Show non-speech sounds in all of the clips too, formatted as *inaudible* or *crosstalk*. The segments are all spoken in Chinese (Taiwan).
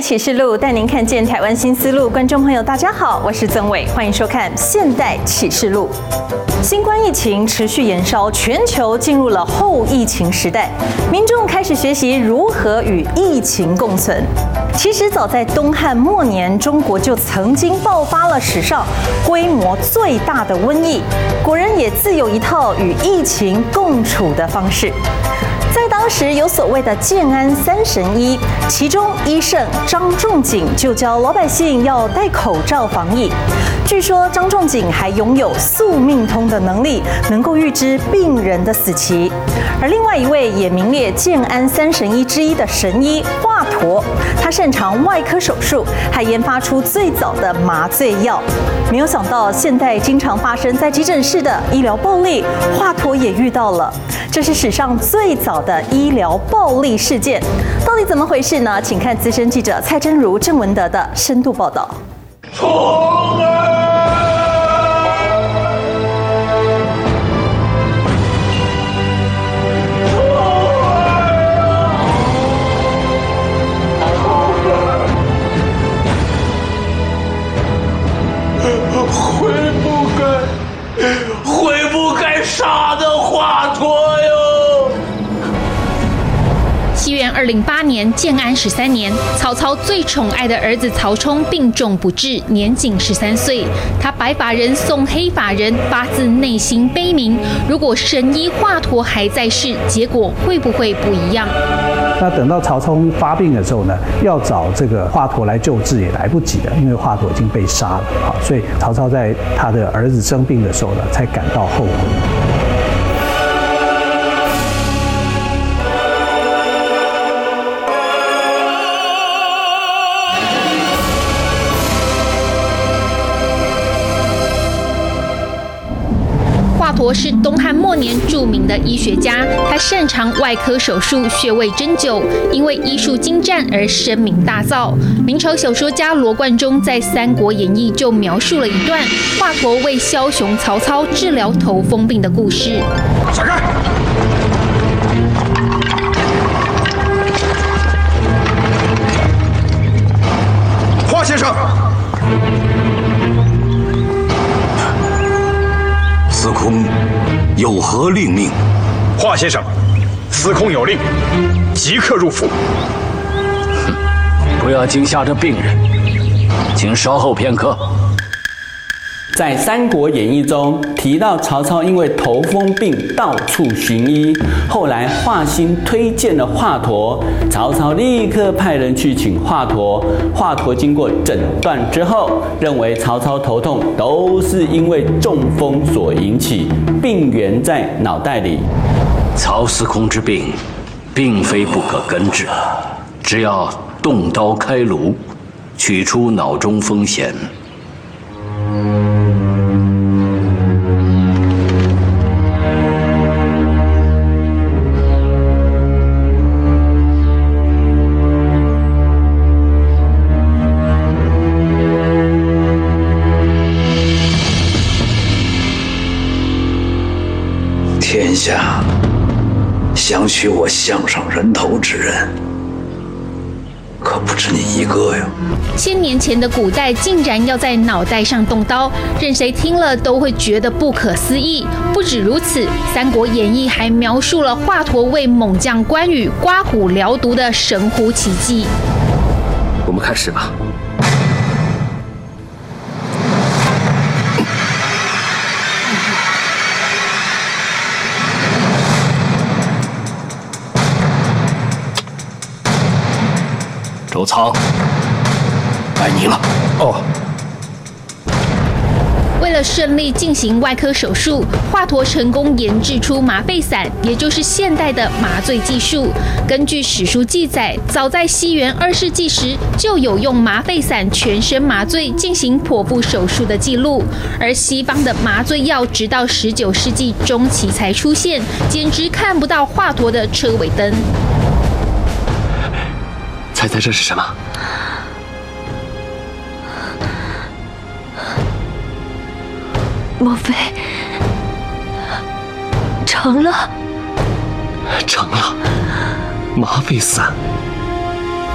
《啟示錄》帶您看見台灣新思路。觀眾朋友，大家好，我是曾偉，歡迎收看《現代啟示錄》。新冠疫情持續延燒，全球進入了後疫情時代，民眾開始學習如何與疫情共存。其實，早在東漢末年，中國就曾經爆發了史上規模最大的瘟疫，古人也自有一套與疫情共處的方式。在當時有所謂的建安三神醫，其中醫聖張仲景就教老百姓要戴口罩防疫。據說張仲景還擁有宿命通的能力，能夠預知病人的死期。而另外一位也名列建安三神醫之一的神醫華佗，他擅長外科手術，還研發出最早的麻醉藥。沒有想到，現在經常發生在急診室的醫療暴力，華佗也遇到了。這是史上最早的醫療暴力事件到底怎麼回事呢？請看資深記者蔡真如、鄭文德的深度報道。錯兒，錯兒、啊，錯兒，悔不該，悔不該殺的華佗。二零八年建安十三年，曹操最寵愛的兒子曹沖病重不治，年僅十三歲。他白髮人送黑髮人，發自內心悲鳴。如果神醫華佗還在世，結果會不會不一樣？那等到曹沖發病的時候呢，要找這個華佗來救治也來不及的，因為華佗已經被殺了，好，所以曹操在他的兒子生病的時候呢，才感到後悔。華佗是東漢末年著名的醫學家，他擅長外科手術、穴位針灸，因為醫術精湛而聲名大噪。明朝小說家羅貫中在《三國演義》就描述了一段華佗為梟雄曹操治療頭風病的故事。閃開！華先生，司空。有何令命？華先生，司空有令，即刻入府！不要驚嚇着病人，請稍候片刻。在《三國演義》中提到，曹操因為頭風病到處尋醫，後來華歆推薦了華佗，曹操立刻派人去請華佗。華佗經過診斷之後，認為曹操頭痛都是因為中風所引起，病源在腦袋裡。曹司空之病，並非不可根治，只要動刀開顱，取出腦中風險。取我項上人頭之人，可不止你一個呀！千年前的古代，竟然要在腦袋上動刀，任誰聽了都會覺得不可思議。不止如此，《三國演義》還描述了華佗為猛將關羽刮骨療毒的神乎奇跡。我們開始吧。劉倉，拜你了。哦。為了順利進行外科手術，華佗成功研制出麻沸散，也就是現代的麻醉技術。根據史書記載，早在西元二世紀時，就有用麻沸散全身麻醉進行剖腹手術的記錄。而西方的麻醉藥直到十九世紀中期才出現，簡直看不到華佗的車尾燈。猜猜這是什麼？莫非成了？成了，麻沸散。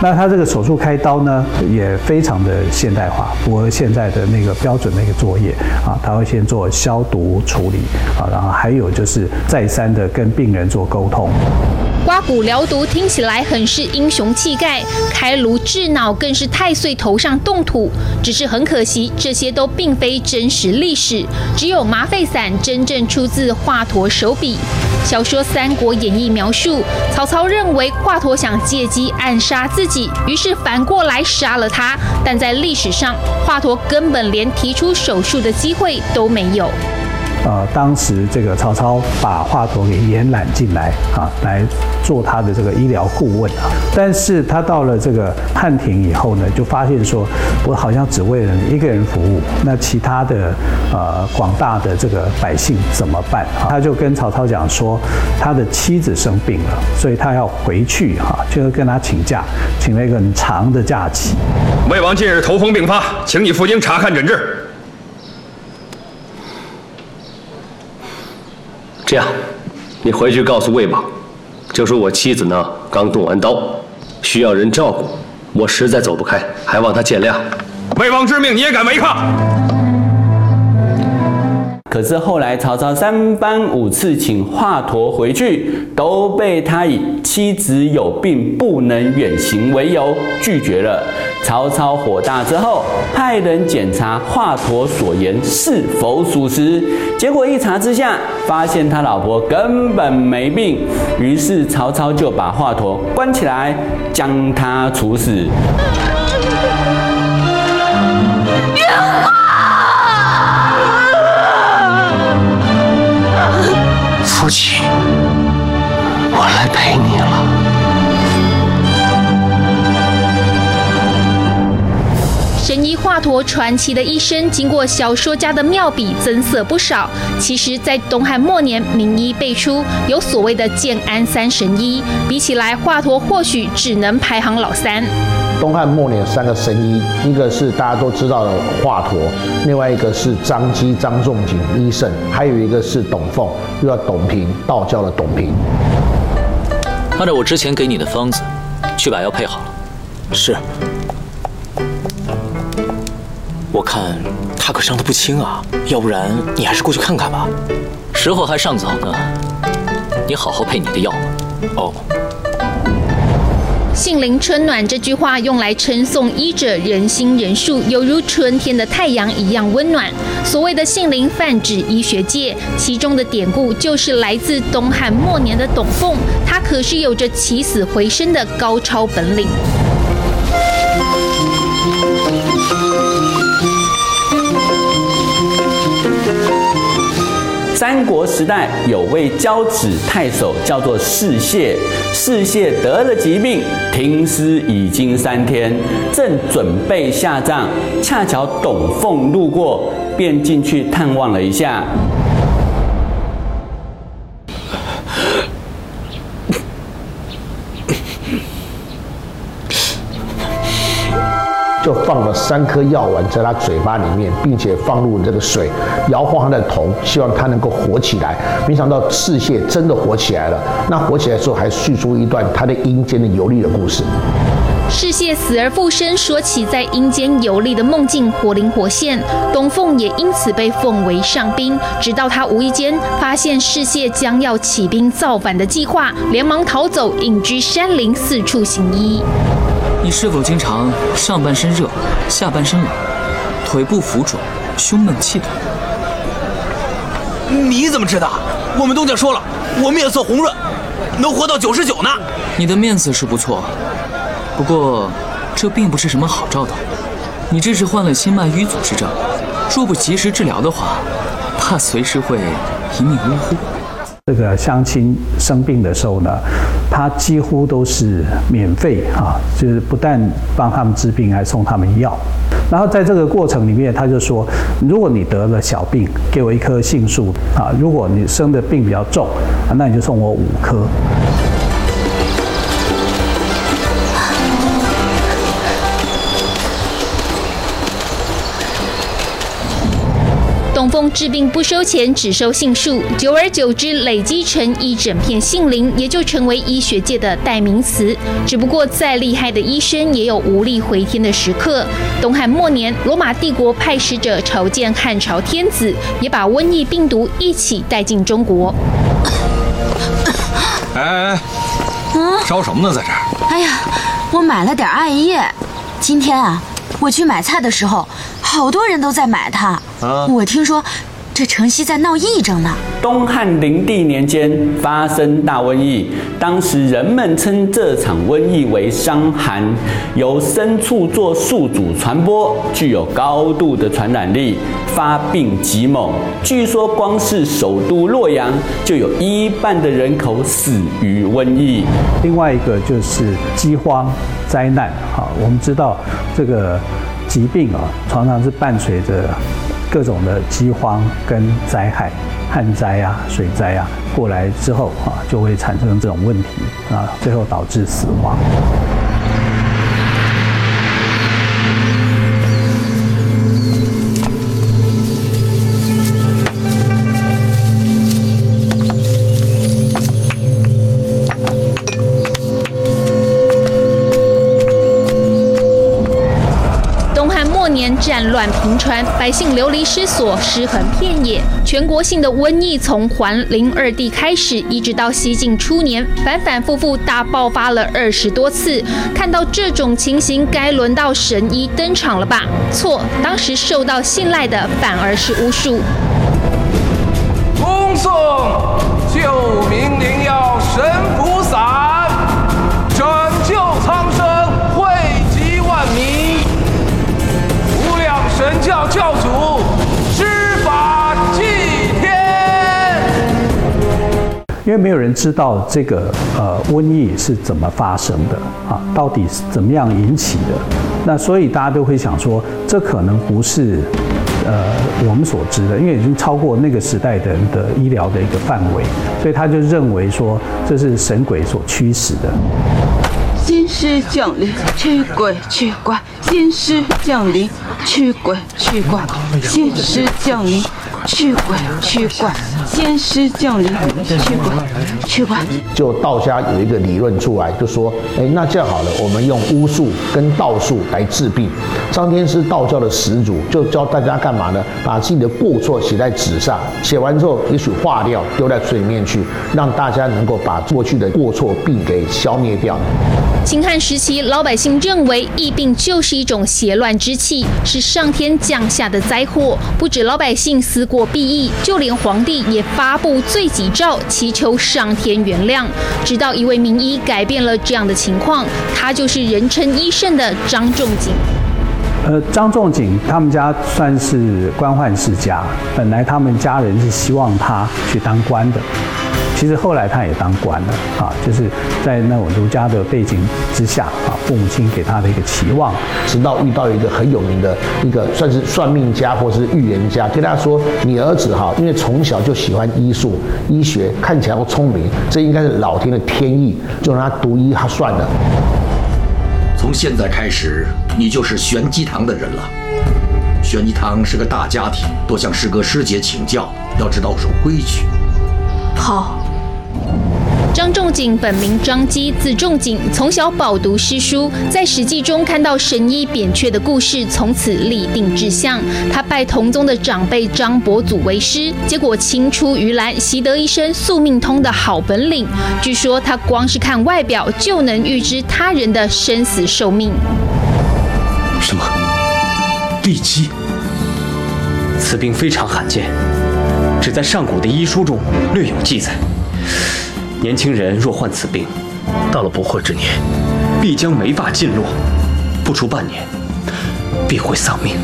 那他這個手術開刀呢，也非常的現代化，符合現在的那個標準的一個作業啊。他會先做消毒處理啊，然後還有就是再三的跟病人做溝通。刮骨療毒聽起來很是英雄氣概，開顱治腦更是太歲頭上動土。只是很可惜，這些都並非真實歷史，只有麻沸散真正出自華佗手筆。小說《三國演義》描述，曹操認為華佗想借機暗殺自己，於是反過來殺了他。但在歷史上，華佗根本連提出手術的機會都沒有。呃，當時這個曹操把華佗給延攬進來啊，來做他的這個醫療顧問啊。但是他到了這個漢庭以後呢，就發現說，我好像只為了一個人服務，那其他的呃廣大的這個百姓怎麼辦啊？他就跟曹操講說，他的妻子生病了，所以他要回去哈啊，就是跟他請假，請了一個很長的假期。魏王近日頭風病發，請你赴京查看診治。這樣，你回去告訴魏王，就說、是、我妻子呢剛動完刀，需要人照顧，我實在走不開，還望他見諒。魏王之命，你也敢違抗？可是後來，曹操三番五次請華佗回去，都被他以妻子有病不能遠行為由拒絕了。曹操火大之後，派人檢查華佗所言是否屬實，結果一查之下，發現他老婆根本沒病。於是曹操就把華佗關起來，將他處死。父親，我來陪你了。神醫華佗傳奇的一生，經過小說家的妙筆增色不少。其實，在東漢末年，名醫輩出，有所謂的建安三神醫，比起來，華佗或許只能排行老三。東漢末年三個神醫，一個是大家都知道的華佗，另外一個是張機、張仲景、醫聖，還有一個是董奉，又叫董平，道教的董平。按照我之前給你的方子，去把藥配好了。是。我看他可傷得不輕啊，要不然你還是過去看看吧。時候還尚早呢，你好好配你的藥吧。哦、oh。杏林春暖這句話用來稱頌醫者仁心仁術，猶如春天的太陽一樣溫暖。所謂的杏林泛指醫學界，其中的典故就是來自東漢末年的董奉，他可是有着起死回生的高超本領。三國時代有位交趾太守，叫做士燮。士燮得了疾病，停屍已經三天，正準備下葬，恰巧董奉路過，便進去探望了一下。放了三顆藥丸在他嘴巴裡面，並且放入了這個水，搖晃他的頭，希望他能夠活起來。沒想到士燮真的活起來了。那活起來之後，還敘述一段他的陰間的遊歷的故事。士燮死而復生，說起在陰間遊歷的夢境，活靈活現。董奉也因此被奉為上賓。直到他無意間發現士燮將要起兵造反的計劃，連忙逃走，隱居山林，四處行醫。你是否經常上半身熱，下半身冷，腿部浮腫，胸悶氣短？你怎麼知道？我們東家說了，我面色紅潤，能活到九十九呢。你的面色是不錯，不過這並不是什麼好兆頭。你這是患了心脈瘀阻之症，若不及時治療的話，怕隨時會一命嗚呼。這個鄉親生病的時候呢，他幾乎都是免費啊，就是不但幫他們治病，還送他們藥。然後在這個過程裡面，他就說：如果你得了小病，給我一棵杏樹啊；如果你生的病比較重，那你就送我五棵。董奉治病不收錢，只收杏樹，久而久之累積成一整片杏林，也就成為醫學界的代名詞。只不過再厲害的醫生也有無力回天的時刻。東漢末年，羅馬帝國派使者朝見漢朝天子，也把瘟疫病毒一起帶進中國。哎哎哎，嗯，燒什麼呢？在這兒？哎呀，我買了點艾葉。今天啊，我去買菜的時候。好多人都在買它。我聽說，這城西在鬧疫症呢。東漢靈帝年間發生大瘟疫，當時人們稱這場瘟疫為傷寒，由牲畜做宿主傳播，具有高度的傳染力，發病極猛。據說光是首都洛陽就有一半的人口死於瘟疫。另外一個就是饑荒災難。好，我們知道這個。疾病啊，常常是伴隨着各種的饑荒跟災害、旱災啊、水災啊過來之後啊，就會產生這種問題啊，最後導致死亡。平川百姓流離失所，屍橫遍野。全國性的瘟疫從桓靈二帝開始，一直到西晉初年，反反復復大爆發了二十多次。看到這種情形，該輪到神醫登場了吧？錯，當時受到信賴的反而是巫術。恭送救民靈藥神。教主施法祭天，因為沒有人知道這個呃瘟疫是怎麼發生的啊，到底是怎麼樣引起的，那所以大家都會想說，這可能不是呃我們所知的，因為已經超過那個時代的人的醫療的一個範圍，所以他就認為說這是神鬼所驅使的。仙師降臨，驅鬼驅怪。天師降臨，驅鬼驅怪。天師降臨。驅鬼驅鬼。天師降臨。驅鬼，驅鬼。就道家有一個理論出來，就說：哎，那這樣好了，我們用巫術跟道術來治病。張天師，道教的始祖，就教大家幹嘛呢？把自己的過錯寫在紙上，寫完之後，也許化掉，丟在水面去，讓大家能夠把過去的過錯病給消滅掉。秦漢時期，老百姓認為疫病就是一種邪亂之氣，是上天降下的災禍。不止老百姓死。過避疫，就連皇帝也發布罪己詔，祈求上天原諒。直到一位名醫改變了這樣的情況，他就是人稱醫聖的張仲景。呃，張仲景他們家算是官宦世家，本來他們家人是希望他去當官的。其實後來他也當官了，啊，就是在那種儒家的背景之下，啊，父母親給他的一個期望，直到遇到一個很有名的一個算是算命家或是預言家，跟他說：“你兒子哈，因為從小就喜歡醫術、醫學，看起來又聰明，這應該是老天的天意，就讓他讀醫、他算了。從現在開始，你就是玄機堂的人了。玄機堂是個大家庭，多向師哥師姐請教，要知道守規矩。好。張仲景本名張機，字仲景。從小飽讀詩書，在《史記》中看到神醫扁鵲的故事，從此立定志向。他拜同宗的長輩張伯祖為師，結果青出於藍，習得一身宿命通的好本領。據說他光是看外表就能預知他人的生死壽命。什麼？地基？此病非常罕見，只在上古的醫書中略有記載。年輕人若患此病，到了不惑之年，必將眉髮盡落，不出半年，必會喪命。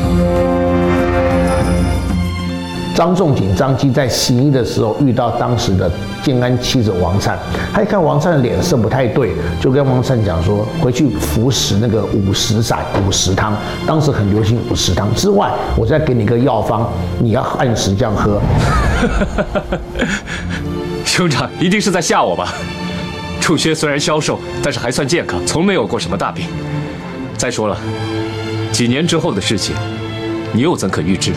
張仲景、張機在行醫的時候，遇到當時的建安七子王粲，他一看王粲的臉色不太對，就跟王粲講說：“回去服食那個五石散、五石湯。當時很流行五石湯，之外，我再給你個藥方，你要按時這樣喝。 *laughs* ”兄長一定是在嚇我吧？楚薛雖然消瘦，但是還算健康，從沒有過什麼大病。再說了，幾年之後的事情，你又怎可預知？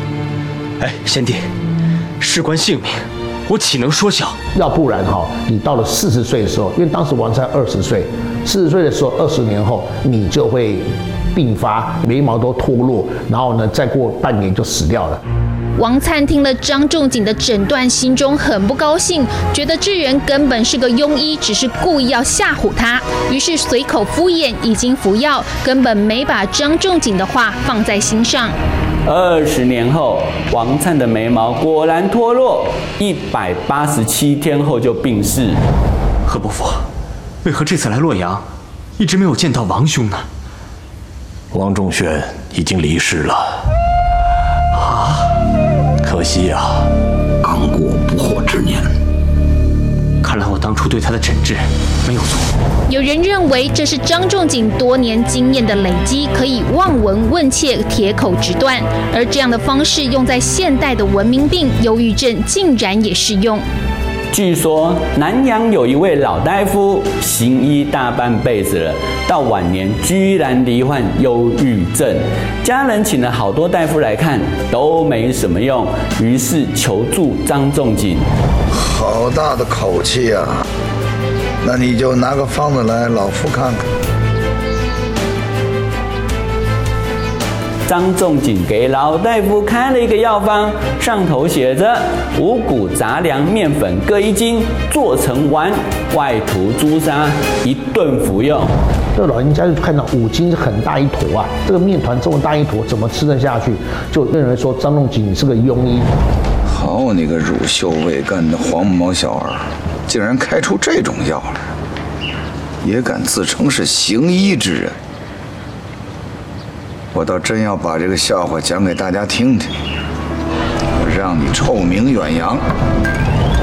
哎，賢弟，事關性命，我豈能說笑？要不然哈、哦，你到了四十歲的時候，因為當時王禪二十歲，四十歲的時候，二十年後你就會病發，眉毛都脫落，然後呢，再過半年就死掉了。王粲聽了張仲景的診斷，心中很不高興，覺得智元根本是個庸醫，只是故意要嚇唬他。於是隨口敷衍，已經服藥，根本沒把張仲景的話放在心上。二十年後，王粲的眉毛果然脫落，一百八十七天後就病逝。何伯父，為何這次來洛陽，一直沒有見到王兄呢？王仲宣已經離世了。可惜呀，剛過不惑之年。看來我當初對他的診治沒有錯。有人認為這是張仲景多年經驗的累積，可以望聞問切，鐵口直斷。而這樣的方式用在現代的文明病——憂鬱症，竟然也適用。據說南陽有一位老大夫行醫大半輩子了，到晚年居然罹患憂鬱症，家人請了好多大夫來看都沒什麼用，於是求助張仲景。好大的口氣呀！那你就拿個方子來，老夫看看。張仲景給老大夫開了一個藥方，上頭寫着五穀雜糧麵粉各一斤，做成丸，外塗朱砂，一頓服用。這個、老人家就看到五斤，是很大一坨啊，這個麵糰這麼大一坨，怎麼吃得下去？就認為說，張仲景是個庸醫。好你個乳臭未乾的黃毛小兒，竟然開出這種藥來，也敢自稱是行醫之人？我倒真要把這個笑話講給大家聽聽，我讓你臭名遠揚。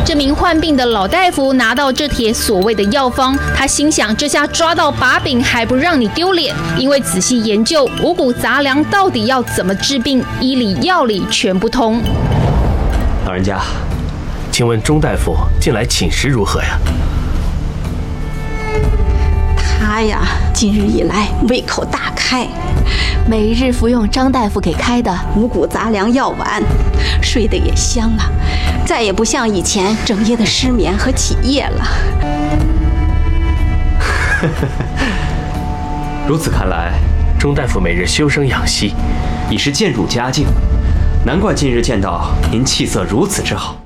這名患病的老大夫拿到這帖所謂的藥方，他心想：這下抓到把柄，還不讓你丟臉？因為仔細研究五谷雜糧到底要怎麼治病，醫理藥理全不通。老人家，請問鍾大夫近來寢食如何呀？他呀，今日以來胃口大開。每日服用張大夫給開的五穀雜糧藥丸，睡得也香了，再也不像以前整夜的失眠和起夜了。 *laughs* 如此看來，鍾大夫每日休生養息，已是漸入佳境，難怪近日見到您氣色如此之好。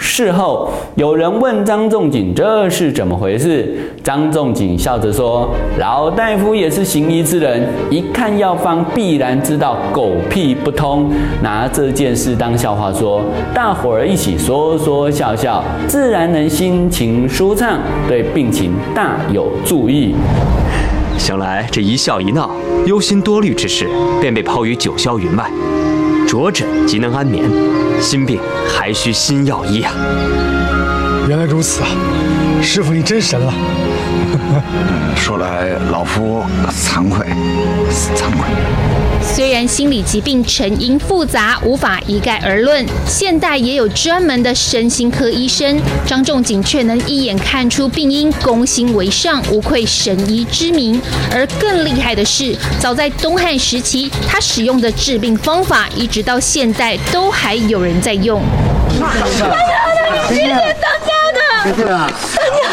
事後有人問張仲景這是怎麼回事，張仲景笑着說：“老大夫也是行醫之人，一看藥方必然知道狗屁不通，拿這件事當笑話說，大夥兒一起說說笑笑，自然能心情舒暢，對病情大有助益。想來這一笑一鬧，憂心多慮之事便被拋於九霄雲外。”着枕即能安眠，心病還需心藥醫啊！原來如此啊，師傅你真神了。 *laughs* 說來老夫慚愧，慚愧。雖然心理疾病成因複雜，無法一概而論，現代也有專門的身心科醫生。張仲景卻能一眼看出病因，攻心為上，無愧神醫之名。而更厲害的是，早在東漢時期，他使用的治病方法，一直到現在都還有人在用。當家的，謝謝當家的。當家的，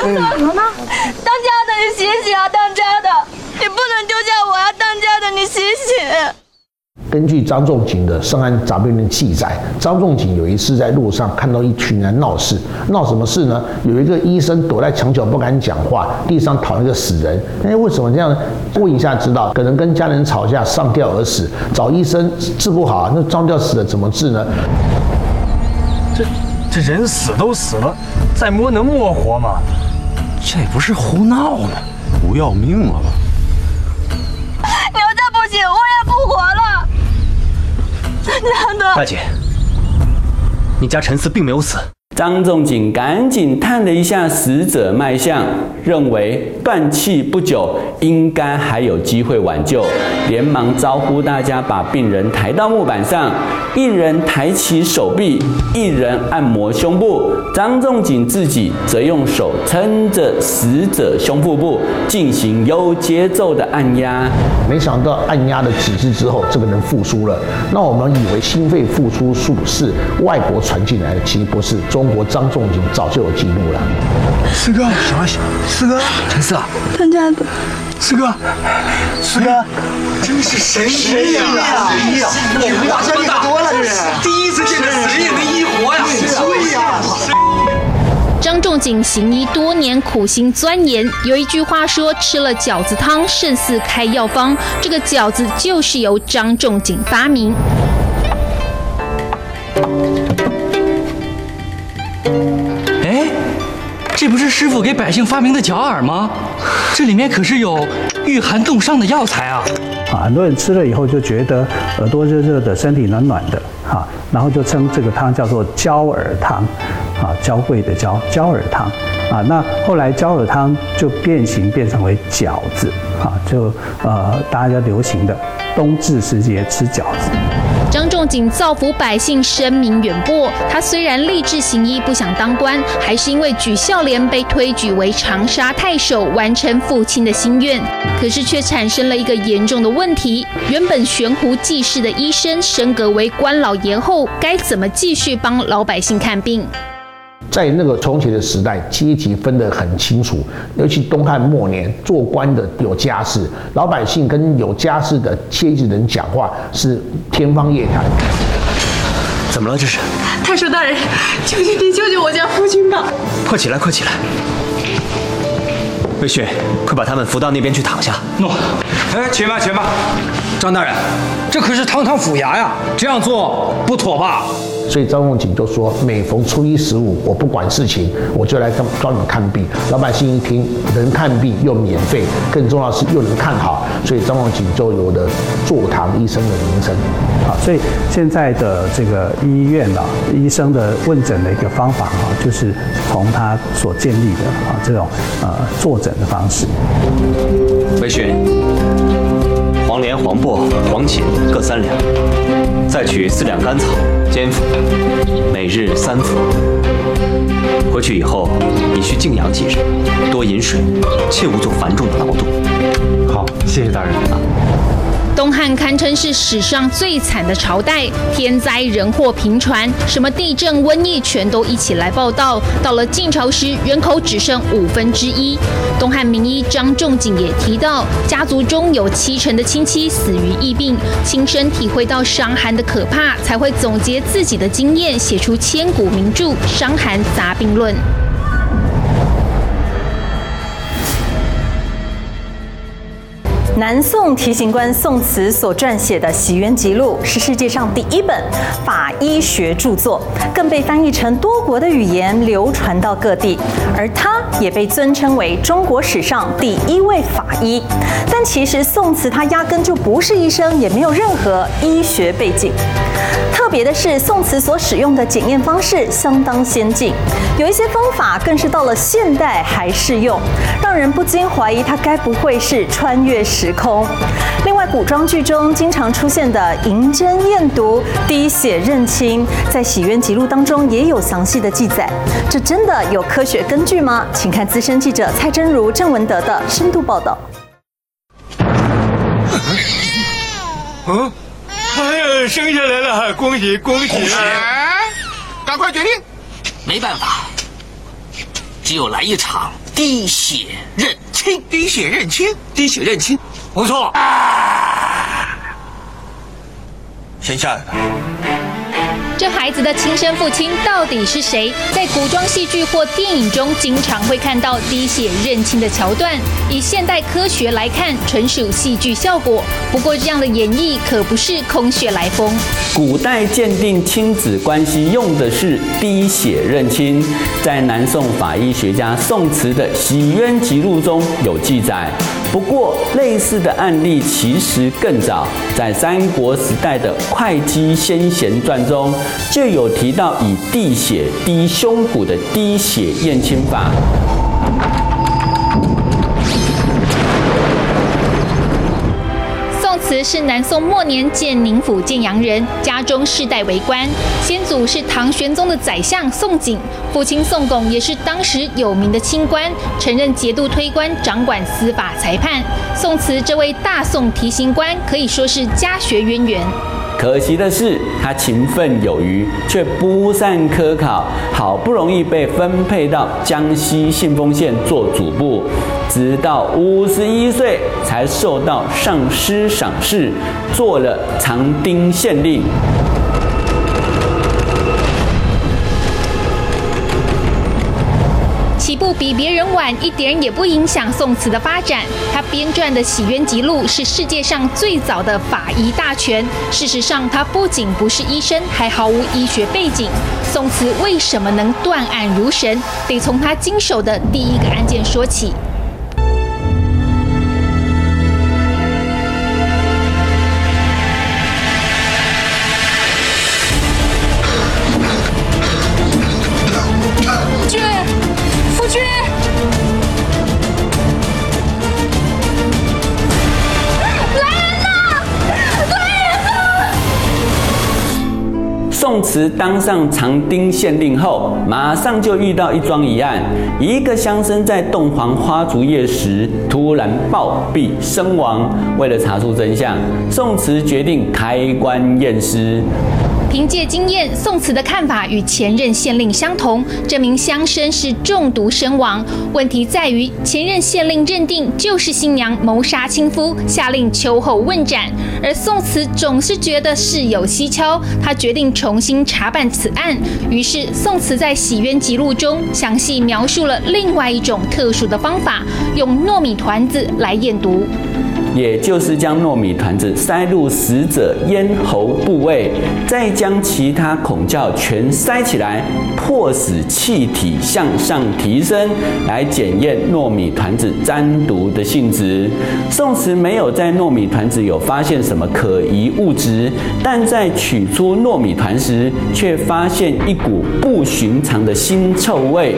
當家的，你醒醒啊！當家的。你不能丟下我啊！當家的，你醒醒。根據張仲景的《傷寒雜病論》記載，張仲景有一次在路上看到一群人鬧事，鬧什麼事呢？有一個醫生躲在牆角不敢講話，地上躺一個死人。那、哎、為什麼這樣呢？問一下，知道，可能跟家人吵架上吊而死，找醫生治不好，啊，那張吊死了怎麼治呢？這這人死都死了，再摸能摸活嗎？這不是胡鬧嗎，啊？不要命了，啊、嗎？的大姐，你家陳四並沒有死。張仲景趕緊探了一下死者脈象，認為斷氣不久，應該還有機會挽救，連忙招呼大家把病人抬到木板上，一人抬起手臂，一人按摩胸部，張仲景自己則用手撐着死者胸腹部，進行有節奏的按壓。沒想到按壓的幾次之後，這個人復甦了。那我們以為心肺復甦術是外國傳進來的，其實不是中。國張仲景早就有記錄了。四哥，想一想，四哥，陳四的，四哥，四哥，真是神醫呀！神醫呀！你武大你多了，這是第一次見醫活呀！呀，張仲景行醫多年，苦心鑽研。有一句話說：“吃了餃子湯，勝似開藥方。”這個餃子就是由張仲景發明。哎，這不是師傅給百姓發明的嬌耳嗎？這裡面可是有御寒凍傷的藥材啊！啊，很多人吃了以後就覺得耳朵熱熱的，身體暖暖的，哈、啊，然後就稱這個湯叫做嬌耳湯，啊，嬌貴的嬌，嬌耳湯，啊，那後來嬌耳湯就變形變成為餃子，啊，就呃大家流行的冬至時節吃餃子。張仲景造福百姓，聲名遠播。他雖然立志行醫，不想當官，還是因為舉孝廉被推舉為長沙太守，完成父親的心願。可是卻產生了一個嚴重的問題：原本懸壺濟世的醫生，升格為官老爺後，該怎麼繼續幫老百姓看病？在那個從前的時代，階級分得很清楚，尤其東漢末年，做官的有家世，老百姓跟有家世的階級人講話是天方夜譚。怎麼了？這是太守大人，求求你救救我家夫君吧！快起來，快起來！魏旭，快把他們扶到那邊去躺下。諾。哎，且慢，且慢，張大人，這可是堂堂府衙呀，啊，這樣做不妥吧？所以張仲景就說：“每逢初一十五，我不管事情，我就來專專門看病。老百姓一聽，能看病又免費，更重要的是又能看好，所以張仲景就有了坐堂醫生的名聲。啊，所以現在的這個醫院啊，醫生的問診的一個方法啊，就是從他所建立的啊這種呃坐診的方式。回”魏雪。黃柏、黃芩各三兩，再取四兩甘草煎服，每日三服。回去以後，你需靜養幾日，多飲水，切勿做繁重的勞動。好，謝謝大人。啊東漢堪稱是史上最慘的朝代，天災人禍頻傳，什麼地震、瘟疫全都一起來報到。到了晉朝時，人口只剩五分之一。東漢名醫張仲景也提到，家族中有七成的親戚死於疫病，親身體會到傷寒的可怕，才會總結自己的經驗，寫出千古名著《傷寒雜病論》。南宋提刑官宋慈所撰寫的《洗冤集錄》是世界上第一本法醫學著作，更被翻譯成多國的語言流傳到各地，而他也被尊稱為中國史上第一位法醫。但其實宋慈他壓根就不是醫生，也沒有任何醫學背景。特別的是，宋慈所使用的檢驗方式相當先進，有一些方法更是到了現代還適用，讓人不禁懷疑它該不會是穿越時空？另外，古裝劇中經常出現的銀針驗毒、滴血認親，在《洗冤集錄》當中也有詳細的記載，這真的有科學根據嗎？請看資深記者蔡真如、鄭文德的深度報道。啊。哎呀，生下來了！恭喜恭喜，恭喜，哎！趕快決定，沒辦法，只有來一場滴血認親。滴血認親，滴血認親，不錯，先下來吧。這孩子的親生父親到底是誰？在古裝戲劇或電影中，經常會看到滴血認親的橋段。以現代科學來看，純屬戲劇效果。不過，這樣的演繹可不是空穴來風。古代鑑定親子關係用的是滴血認親，在南宋法醫學家宋慈的《洗冤集錄》中有記載。不過，類似的案例其實更早，在三國時代的《會稽先賢傳》中就有提到以滴血滴胸骨的滴血驗親法。宋慈是南宋末年建寧府建陽人，家中世代為官，先祖是唐玄宗的宰相宋璟，父親宋鞏也是當時有名的清官，曾任節度推官，掌管司法裁判。宋慈這位大宋提刑官可以說是家學淵源。可惜的是，他勤奮有餘，卻不善科考，好不容易被分配到江西信豐縣做主簿，直到五十一歲才受到上司賞識，做了長汀縣令。不比別人晚，一點也不影響宋慈的發展。他編撰的《洗冤集錄》是世界上最早的法醫大全。事實上，他不僅不是醫生，還毫無醫學背景。宋慈為什麼能斷案如神？得從他經手的第一個案件說起。宋慈當上長汀縣令後，馬上就遇到一樁疑案，一個鄉紳在洞房花燭夜時突然暴斃身亡。為了查出真相，宋慈決定開棺驗屍。憑借經驗，宋慈的看法與前任縣令相同，這名鄉紳是中毒身亡。問題在於，前任縣令認定就是新娘謀殺親夫，下令秋後問斬。而宋慈總是覺得事有蹊蹺，他決定重新查辦此案。於是，宋慈在《洗冤集錄》中詳細描述了另外一種特殊的方法，用糯米團子來驗毒。也就是將糯米團子塞入死者咽喉部位，再將其他孔竅全塞起來，迫使氣體向上提升，來檢驗糯米團子沾毒的性質。宋慈沒有在糯米團子有發現什麼可疑物質，但在取出糯米團時，卻發現一股不尋常的腥臭味。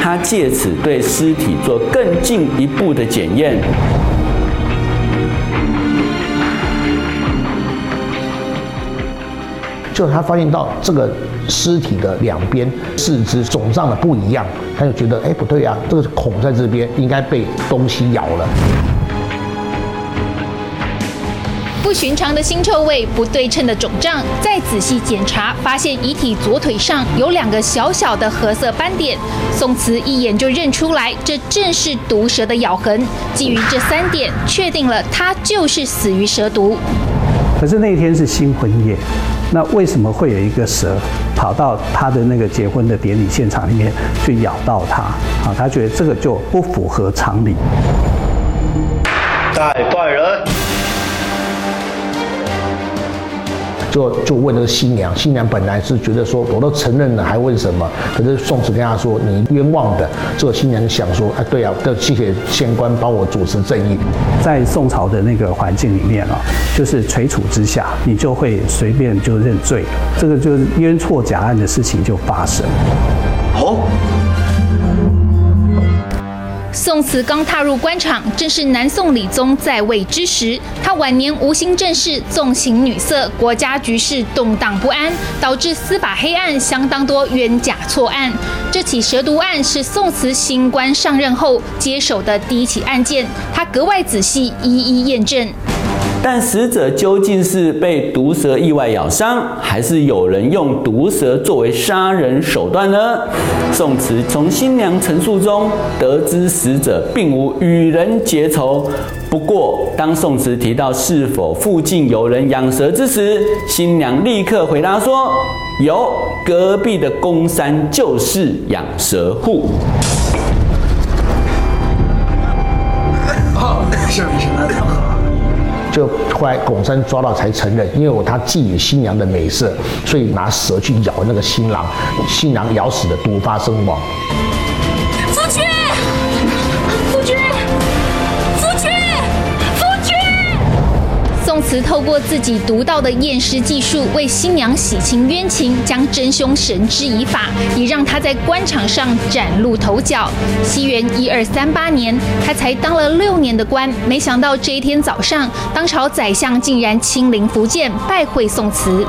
他借此對屍體做更進一步的檢驗。就他發現到這個屍體的兩邊四肢腫脹的不一樣，他就覺得哎，不對啊，這個孔在這邊應該被東西咬了。不尋常的腥臭味，不對稱的腫脹，再仔細檢查，發現遺體左腿上有兩個小小的褐色斑點。宋慈一眼就認出來，這正是毒蛇的咬痕。基於這三點，確定了他就是死於蛇毒。可是那天是新婚夜。那為什麼會有一個蛇跑到他的那個結婚的典禮現場裡面去咬到他？啊，他覺得這個就不符合常理。在。就就問那個新娘，新娘本來是覺得說我都承認了，還問什麼？可是宋慈跟她說，你冤枉的，這個新娘想說啊對啊，要謝謝縣官幫我主持正義。在宋朝的那個環境裡面啊，就是垂楚之下，你就會隨便就認罪，這個就是冤錯假案的事情就發生。哦宋慈剛踏入官場，正是南宋理宗在位之時。他晚年無心政事，縱情女色，國家局勢動盪不安，導致司法黑暗，相當多冤假錯案。這起蛇毒案是宋慈新官上任後接手的第一起案件，他格外仔細，一一驗證。但死者究竟是被毒蛇意外咬傷，還是有人用毒蛇作為殺人手段呢？宋慈從新娘陳述中得知死者並無與人結仇。不過，當宋慈提到是否附近有人養蛇之時，新娘立刻回答說：“有，隔壁的公山就是養蛇戶。”就後來拱山抓到才承認，因為他覬覦新娘的美色，所以拿蛇去咬那個新郎，新郎咬死的毒發身亡。慈透過自己獨到的驗屍技術，為新娘洗清冤情，將真兇繩之以法，也讓他在官場上嶄露頭角。西元一二三八年，他才當了六年的官，沒想到這一天早上，當朝宰相竟然親臨福建拜會宋慈。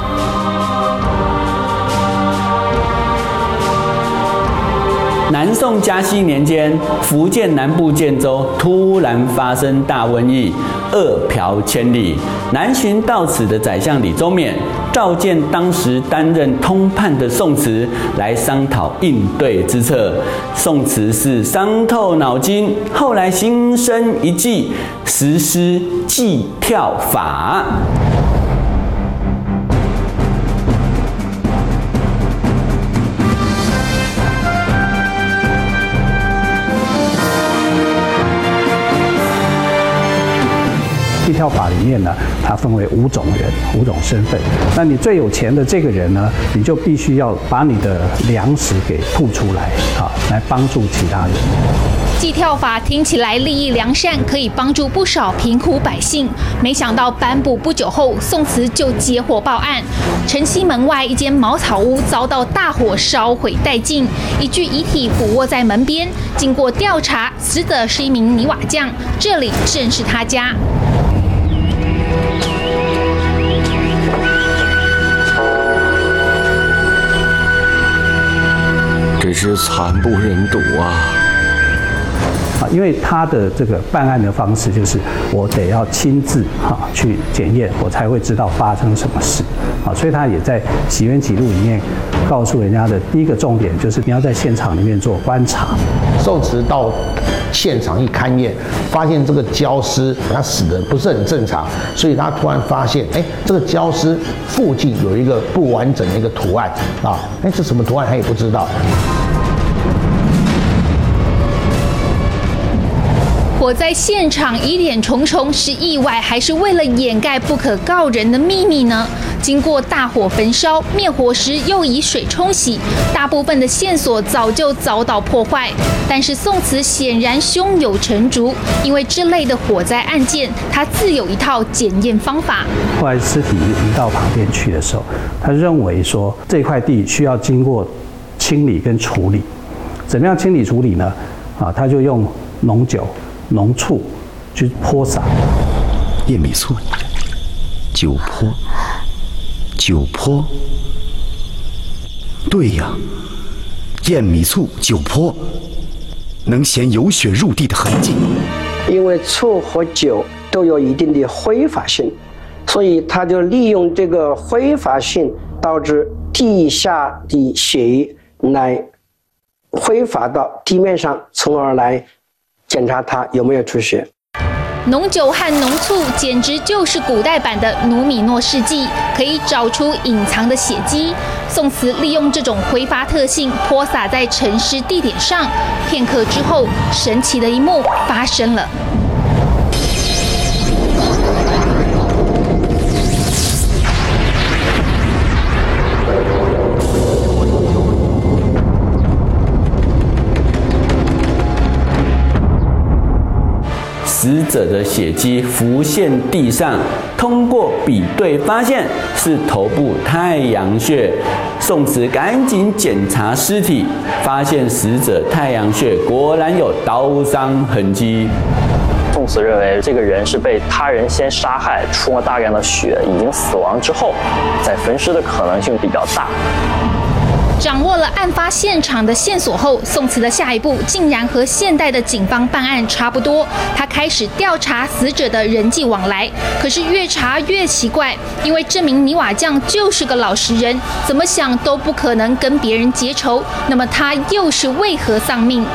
南宋嘉熙年間，福建南部建州突然發生大瘟疫。二瓢千里南巡到此的宰相李宗勉召見當時擔任通判的宋慈來商討應對之策，宋慈是傷透腦筋。後來心生一計，實施濟糶法。跳法裡面呢，它分為五種人，五種身份。那你最有錢的這個人呢，你就必須要把你的糧食給吐出來，啊，來幫助其他人。濟跳法聽起來立意良善，可以幫助不少貧苦百姓。沒想到頒布不久後，宋慈就接獲報案：城西門外一間茅草屋遭到大火燒毀殆盡，一具遺體俯臥在門邊。經過調查，死者是一名泥瓦匠，這裡正是他家。是慘不忍睹啊！啊，因為他的這個辦案的方式就是，我得要親自哈去檢驗，我才會知道發生什麼事啊。所以他也在《洗冤集錄》裡面告訴人家的第一個重點就是，你要在現場裡面做觀察。宋慈到現場一勘驗，發現這個焦屍他死的不是很正常，所以他突然發現，哎，這個焦屍附近有一個不完整的一個圖案啊，哎，這什麼圖案他也不知道。火災現場疑點重重，是意外還是為了掩蓋不可告人的秘密呢？經過大火焚燒，滅火時又以水沖洗，大部分的線索早就遭到破壞。但是宋慈顯然胸有成竹，因為這類的火災案件，他自有一套檢驗方法。後來屍體移移到旁邊去的時候，他認為說這塊地需要經過清理跟處理，怎麼樣清理處理呢？啊，他就用濃酒。濃醋就是、潑灑，燕米醋、酒潑、酒潑，對呀，啊，燕米醋酒潑，能顯有血入地的痕跡。因為醋和酒都有一定的揮發性，所以他就利用這個揮發性，導致地下的血液來揮發到地面上，從而來。檢查他有沒有出血。濃酒和濃醋簡直就是古代版的魯米諾試劑，可以找出隱藏的血跡。宋慈利用這種揮發特性，潑灑在陳屍地點上，片刻之後，神奇的一幕發生了。死者的血跡浮現地上，通過比對發現是頭部太陽穴。宋慈趕緊檢查屍體，發現死者太陽穴果然有刀傷痕跡。宋慈認為，這個人是被他人先殺害，出了大量的血，已經死亡之後，再焚屍的可能性比較大。掌握了案發現場的線索後，宋慈的下一步竟然和現代的警方辦案差不多。他開始調查死者的人際往來，可是越查越奇怪，因為這名泥瓦匠就是個老實人，怎麼想都不可能跟別人結仇。那麼他又是為何喪命？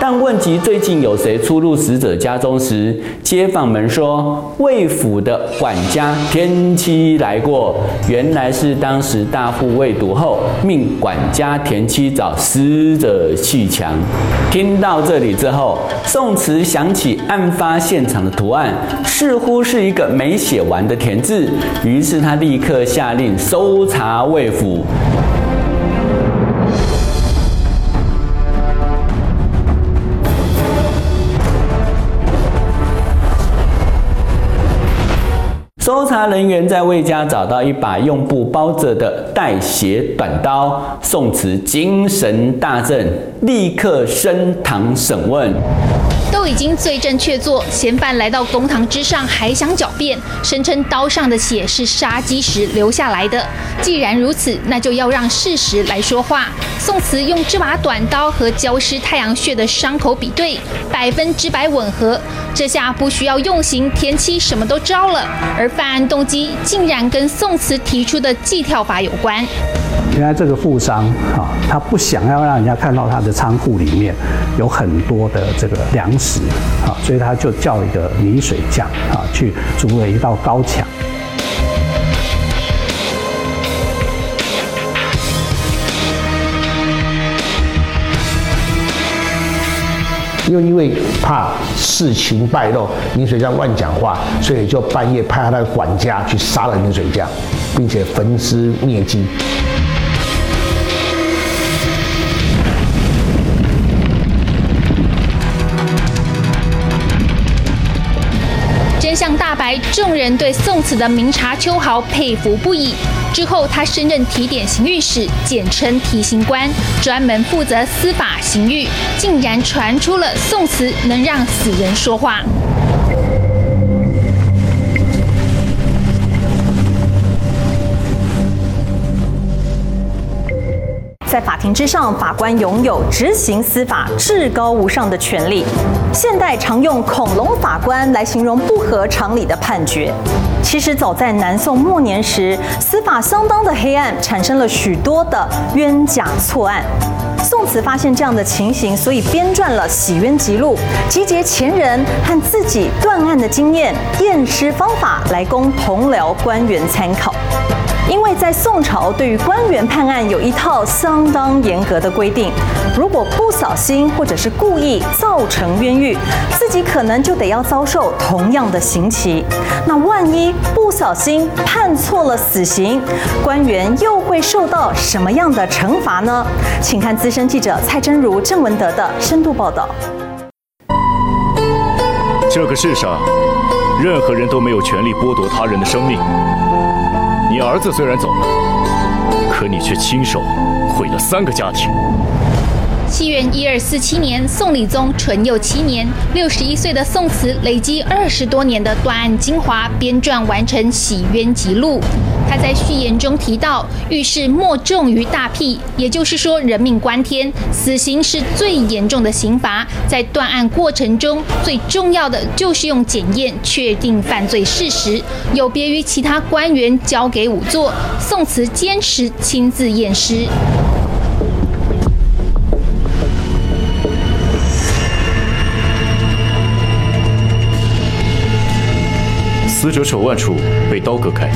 但問及最近有誰出入死者家中時，街坊們說魏府的管家田七來過。原來是當時大戶魏讀後命管家田七找死者砌牆。聽到這裡之後，宋慈想起案發現場的圖案，似乎是一個沒寫完的田字。於是他立刻下令搜查魏府。搜查人員在魏家找到一把用布包着的帶血短刀，宋慈精神大振，立刻升堂審問。都已經罪證確鑿，嫌犯來到公堂之上還想狡辯，聲稱刀上的血是殺雞時留下來的。既然如此，那就要讓事實來說話。宋慈用這把短刀和焦屍太陽穴的傷口比對，百分之百吻合。這下不需要用刑，田七什麼都招了，而。犯案動機竟然跟宋慈提出的計跳法有關。原來這個富商啊，他不想要讓人家看到他的倉庫裡面有很多的這個糧食啊，所以他就叫一個泥水匠啊，去築了一道高牆。又因為怕事情敗露，泥水匠亂講話，所以就半夜派他的管家去殺了泥水匠，並且焚屍滅跡。眾人對宋慈的明察秋毫佩服不已。之後，他升任提點刑獄使，簡稱提刑官，專門負責司法刑獄。竟然傳出了宋慈能讓死人說話。在法庭之上，法官擁有執行司法至高無上的權力。現代常用“恐龍法官”來形容不合常理的判決。其實，早在南宋末年時，司法相當的黑暗，產生了許多的冤假錯案。宋慈發現這樣的情形，所以編撰了《洗冤集錄》，集結前人和自己斷案的經驗、驗屍方法，來供同僚官員參考。因為在宋朝，對於官員判案有一套相當嚴格的規定，如果不小心或者是故意造成冤獄，自己可能就得要遭受同樣的刑期。那萬一不小心判錯了死刑，官員又會受到什麼樣的懲罰呢？請看自己。資深記者蔡真如、鄭文德的深度報道。這個世上，任何人都沒有權利剝奪他人的生命。你兒子雖然走了，可你卻親手毀了三個家庭。西元一二四七年，宋理宗淳佑七年，六十一歲的宋慈，累積二十多年的斷案精華編撰完成《洗冤集錄》。他在序言中提到：“遇事莫重於大辟，也就是說人命關天，死刑是最嚴重的刑罰。在斷案過程中，最重要的就是用檢驗確定犯罪事實。有別於其他官員交給仵作，宋慈堅持親自驗屍。死者手腕處被刀割開。”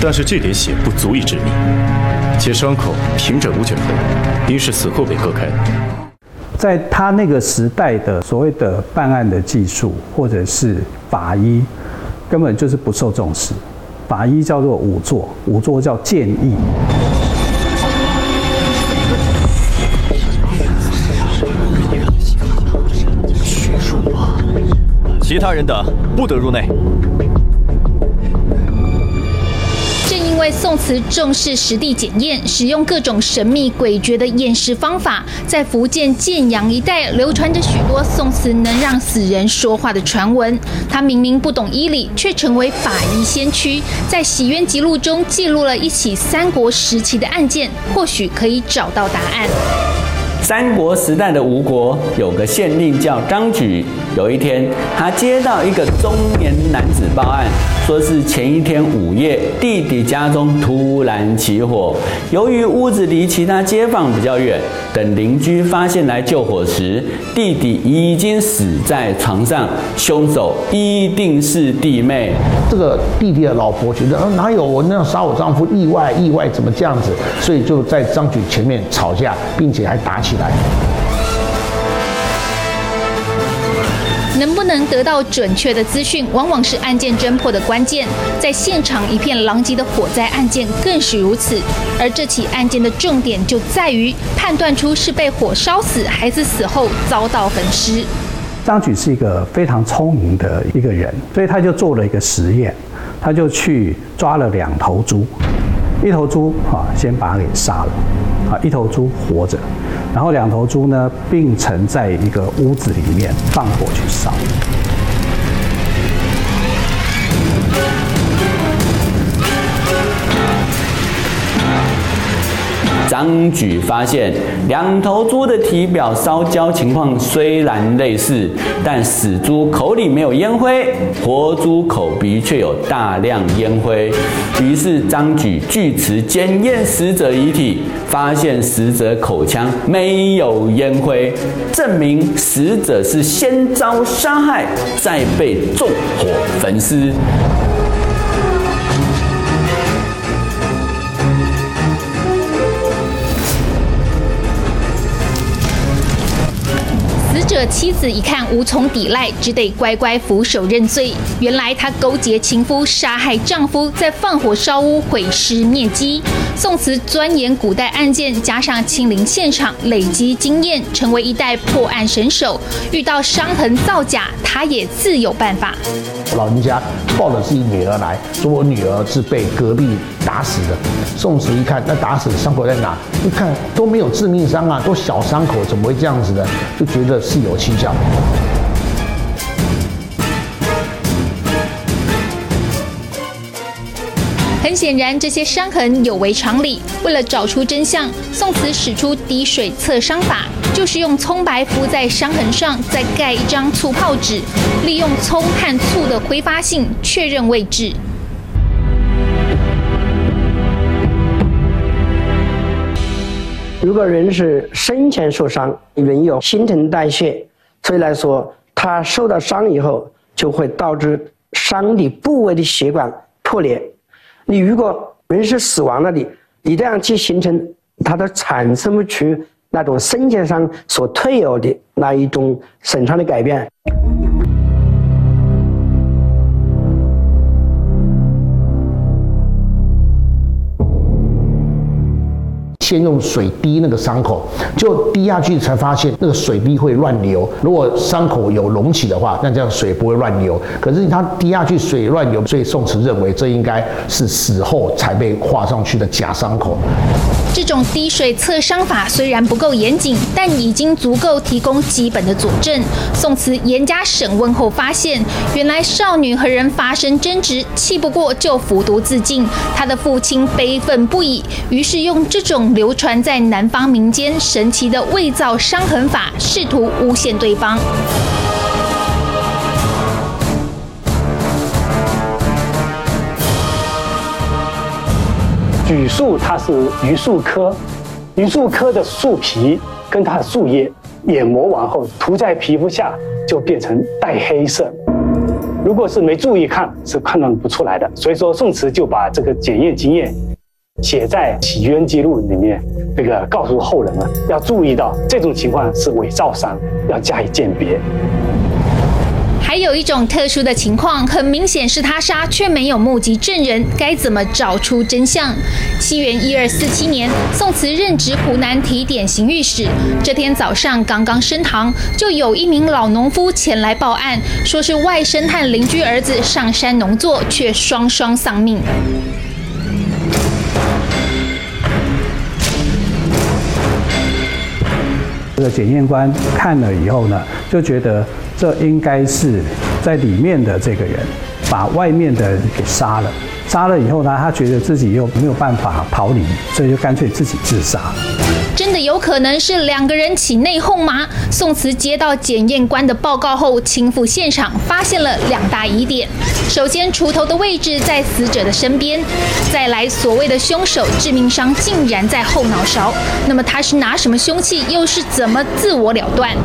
但是這點血不足以致命，且傷口平整無捲痕，應是死後被割開的。在他那個時代的所謂的辦案的技術或者是法醫，根本就是不受重視。法醫叫做仵作，仵作叫建義。學術其他人等不得入內。在宋慈重視實地檢驗，使用各種神秘詭譎的驗屍方法。在福建建陽一帶，流傳着許多宋慈能讓死人說話的傳聞。他明明不懂醫理，卻成為法醫先驅。在《洗冤集錄》中記錄了一起三國時期的案件，或許可以找到答案。三國時代的吳國有個縣令叫張舉。有一天，他接到一個中年男子報案，說是前一天午夜弟弟家中突然起火，由於屋子離其他街坊比較遠，等鄰居發現來救火時，弟弟已經死在床上，兇手一定是弟妹。這個弟弟的老婆覺得，啊、哪有我那樣、個、殺我丈夫？意外，意外怎麼這樣子？所以就在張舉前面吵架，並且還打起來。能不能得到準確的資訊，往往是案件偵破的關鍵。在現場一片狼藉的火災案件更是如此。而這起案件的重點就在於判斷出是被火燒死，還是死後遭到焚屍。張舉是一個非常聰明的一個人，所以他就做了一個實驗，他就去抓了兩頭豬，一頭豬啊先把他給殺了，啊，一頭豬活着然後兩頭豬呢，並存在一個屋子裡面，放火去燒。張舉發現，兩頭豬的體表燒焦情況雖然類似，但死豬口裡沒有煙灰，活豬口鼻卻有大量煙灰。於是張舉據此檢驗死者遺體，發現死者口腔沒有煙灰，證明死者是先遭殺害，再被縱火焚屍。妻子一看無從抵賴，只得乖乖俯首認罪。原來她勾結情夫殺害丈夫，在放火燒屋毀屍滅跡。宋慈鑽研古代案件，加上親臨現場，累積經驗，成為一代破案神手。遇到傷痕造假，他也自有辦法。老人家抱着自己女兒來說：“我女兒是被隔壁打死的。”宋慈一看，那打死的傷口在哪？一看都沒有致命傷啊，都小傷口，怎麼會這樣子呢？就覺得是有。我請教。很顯然，這些傷痕有違常理。為了找出真相，宋慈使出滴水測傷法，就是用蔥白敷在傷痕上，再蓋一張醋泡紙，利用蔥和醋的揮發性確認位置。如果人是生前受傷，原有新陳代謝，所以來說，他受到傷以後，就會導致傷的部位的血管破裂。你如果人是死亡了的，你這樣去形成，它都產生不出那種生前傷所特有的那一種損傷的改變。先用水滴那個傷口，就滴下去才發現那個水滴會亂流。如果傷口有隆起的話，那這樣水不會亂流。可是它滴下去水亂流，所以宋慈認為這應該是死後才被畫上去的假傷口。這種滴水測傷法雖然不夠嚴謹，但已經足夠提供基本的佐證。宋慈嚴加審問後發現，原來少女和人發生爭執，氣不過就服毒自盡。她的父親悲憤不已，於是用這種。流傳在南方民間神奇的偽造傷痕法，試圖誣陷對方。櫸樹它是榆樹科，榆樹科的樹皮跟它的樹葉研磨完後，塗在皮膚下就變成帶黑色。如果是沒注意看，是判斷不出來的。所以說，宋慈就把這個檢驗經驗。寫在《洗冤記錄》裡面，這個告訴後人啊，要注意到這種情況是偽造傷，要加以鑑別。還有一種特殊的情況，很明顯是他殺，卻沒有目擊證人，該怎麼找出真相？西元一二四七年，宋慈任職湖南提點刑獄使，這天早上剛剛升堂，就有一名老農夫前來報案，說是外甥和鄰居兒子上山農作，卻雙雙喪命。這個檢驗官看了以後呢，就覺得這應該是在裡面的這個人把外面的人給殺了，殺了以後呢，他覺得自己又沒有辦法逃離，所以就乾脆自己自殺。真的有可能是兩個人起內訌嗎？宋慈接到檢驗官的報告後，親赴現場發現了兩大疑點：首先，鋤頭的位置在死者的身邊；再來，所謂的凶手致命傷竟然在後腦勺。那麼他是拿什麼凶器？又是怎麼自我了斷？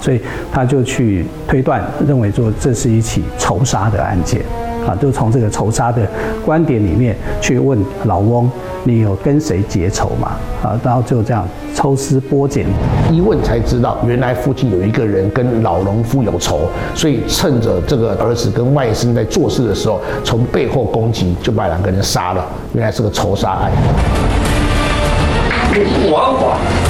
所以他就去推斷，認為說這是一起仇殺的案件。啊，就從這個仇殺的觀點裡面去問老翁，你有跟誰結仇嗎？啊，然後就這樣抽絲剝繭，一問才知道，原來附近有一個人跟老農夫有仇，所以趁着這個兒子跟外甥在做事的時候，從背後攻擊，就把兩個人殺了。原來是個仇殺案。你管我，我！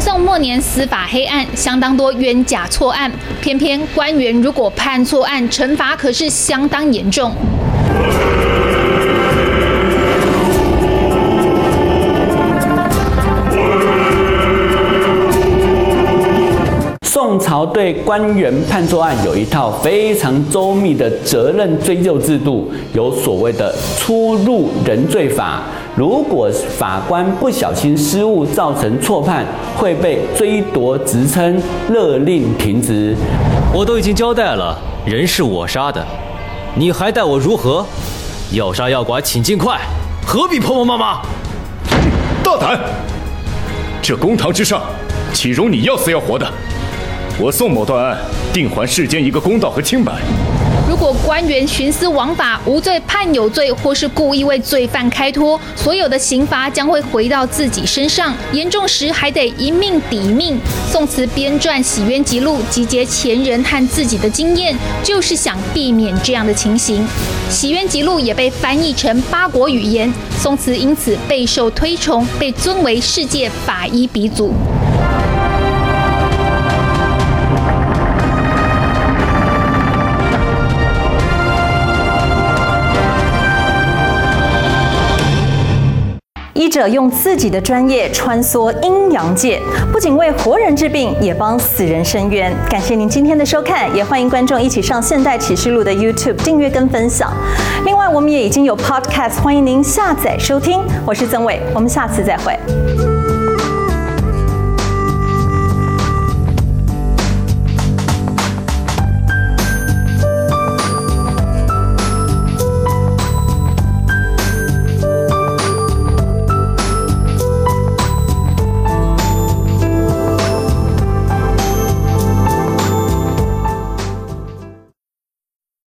宋末年司法黑暗，相當多冤假錯案。偏偏官員如果判錯案，懲罰可是相當嚴重。宋朝對官員判錯案有一套非常周密的責任追究制度，有所謂的“出入人罪法”。如果法官不小心失誤造成錯判，會被追奪職稱、勒令停職。我都已經交代了，人是我殺的，你還待我如何？要殺要剮，請盡快，何必婆婆媽媽？大膽！這公堂之上，豈容你要死要活的？我宋某斷案，定還世間一個公道和清白。如果官員徇私枉法，無罪判有罪，或是故意為罪犯開脫，所有的刑罰將會回到自己身上，嚴重時還得一命抵命。宋慈編撰《洗冤集錄》，集結前人和自己的經驗，就是想避免這樣的情形。《洗冤集錄》也被翻譯成八國語言，宋慈因此備受推崇，被尊為世界法醫鼻祖。醫者用自己的專業穿梭陰陽界，不僅為活人治病，也幫死人伸冤。感謝您今天的收看，也歡迎觀眾一起上《現代啟示錄》的 YouTube 訂閱跟分享。另外，我們也已經有 Podcast，歡迎您下載收聽。我是曾偉，我們下次再會。